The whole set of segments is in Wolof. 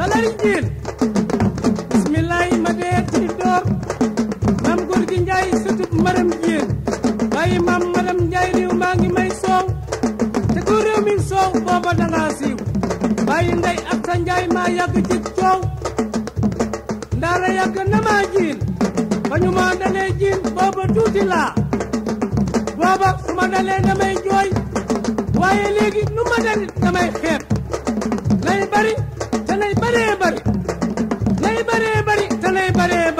salari jiin bismillahi ma dee ci door maam góor gi njaay sëtub maram jiin waaye maam maram njaay réew maa ngi may soow te ko réew mi soow booba danga siiw waaye ndey ak sa njaay maa yàgg ci coow ndaara yàgg na maa jiin ba ñu maa dalee jiin booba tuuti laa booba su ma dalee damay jooy waaye léegi nu ma dalit damay xeeb lay bari te nay bëree bëri nay bëree bëri te nay bëree bëri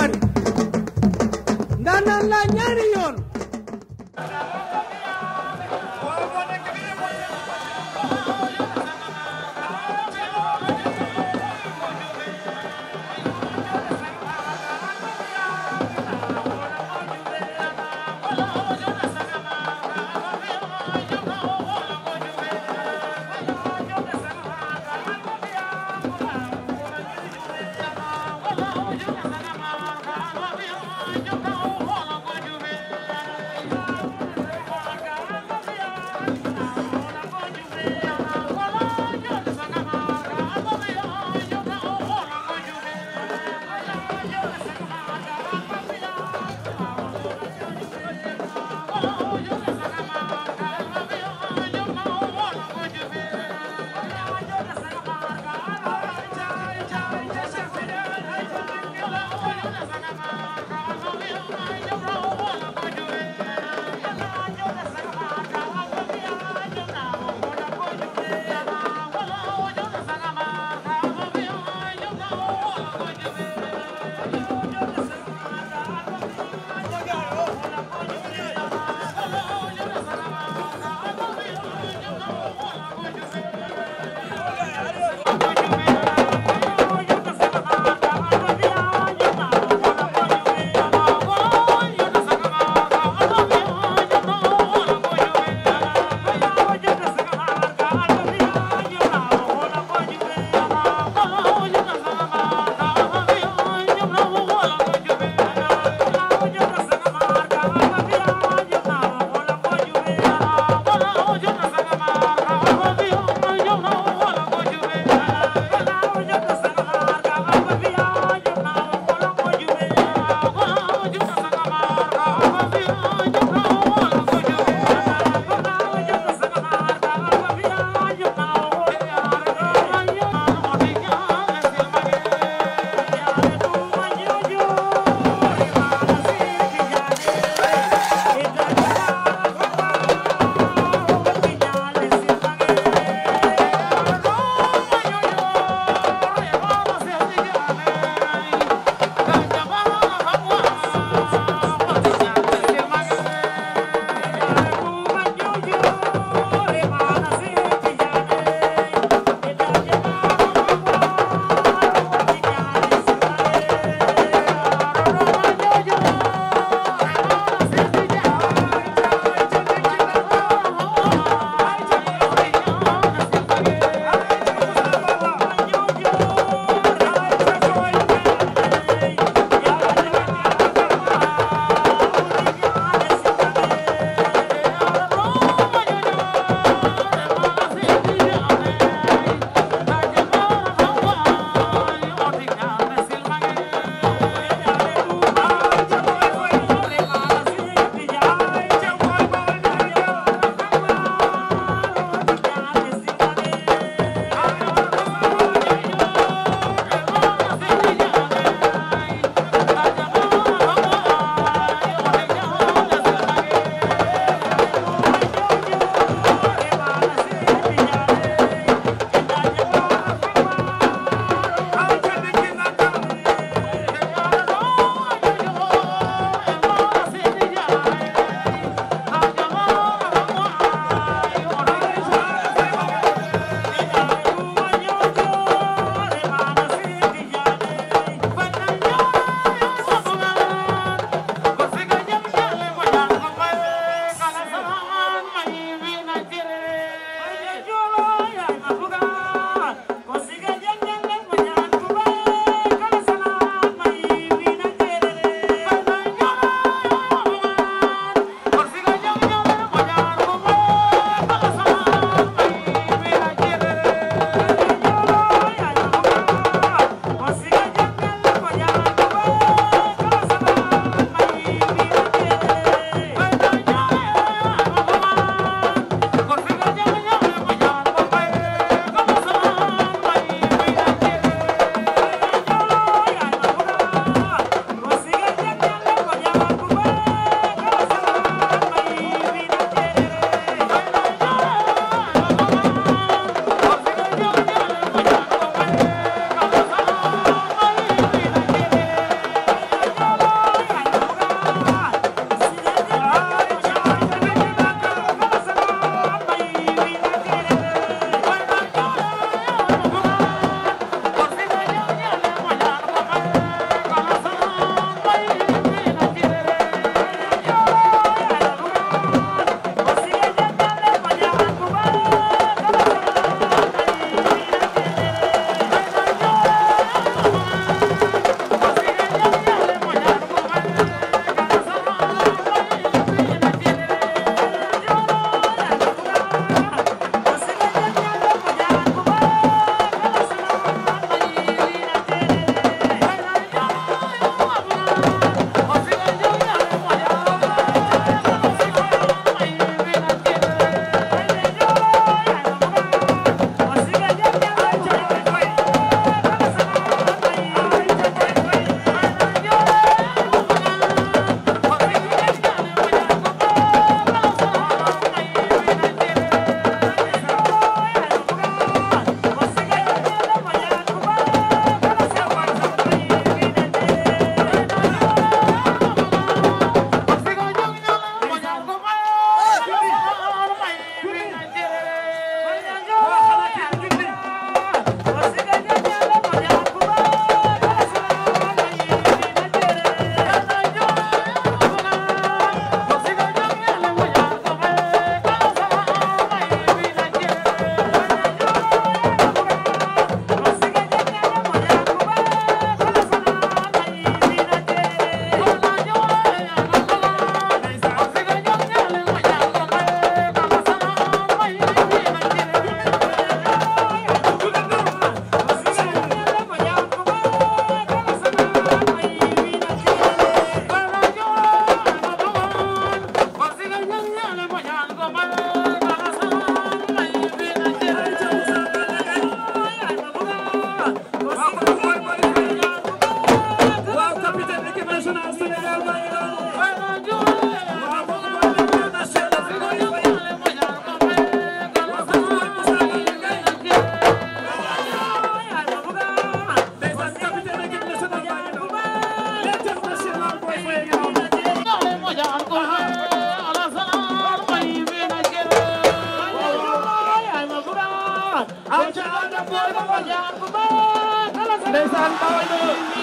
China!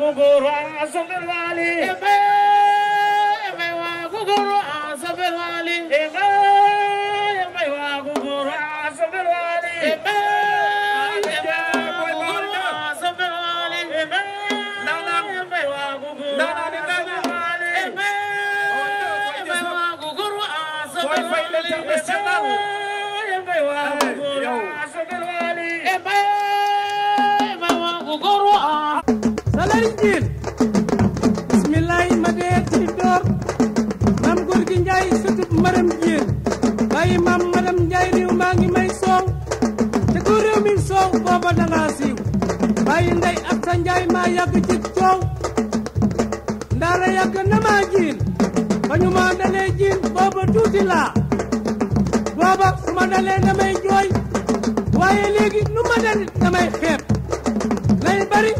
وغور عصب الوالي إما إما وغور عصب الوالي إما إما وغور عصب الوالي إما Bye. lay jiin bismillaay njaay sëtub maa ngi may soow te ku réew soow booba danga siiw ndey ak sa njaay maa yàgg ci coow ndaara yàgg na maa jiin ba ñu maa booba tuuti booba su ma dalee damay jooy waaye léegi nu ma dalit damay xeeb lay bari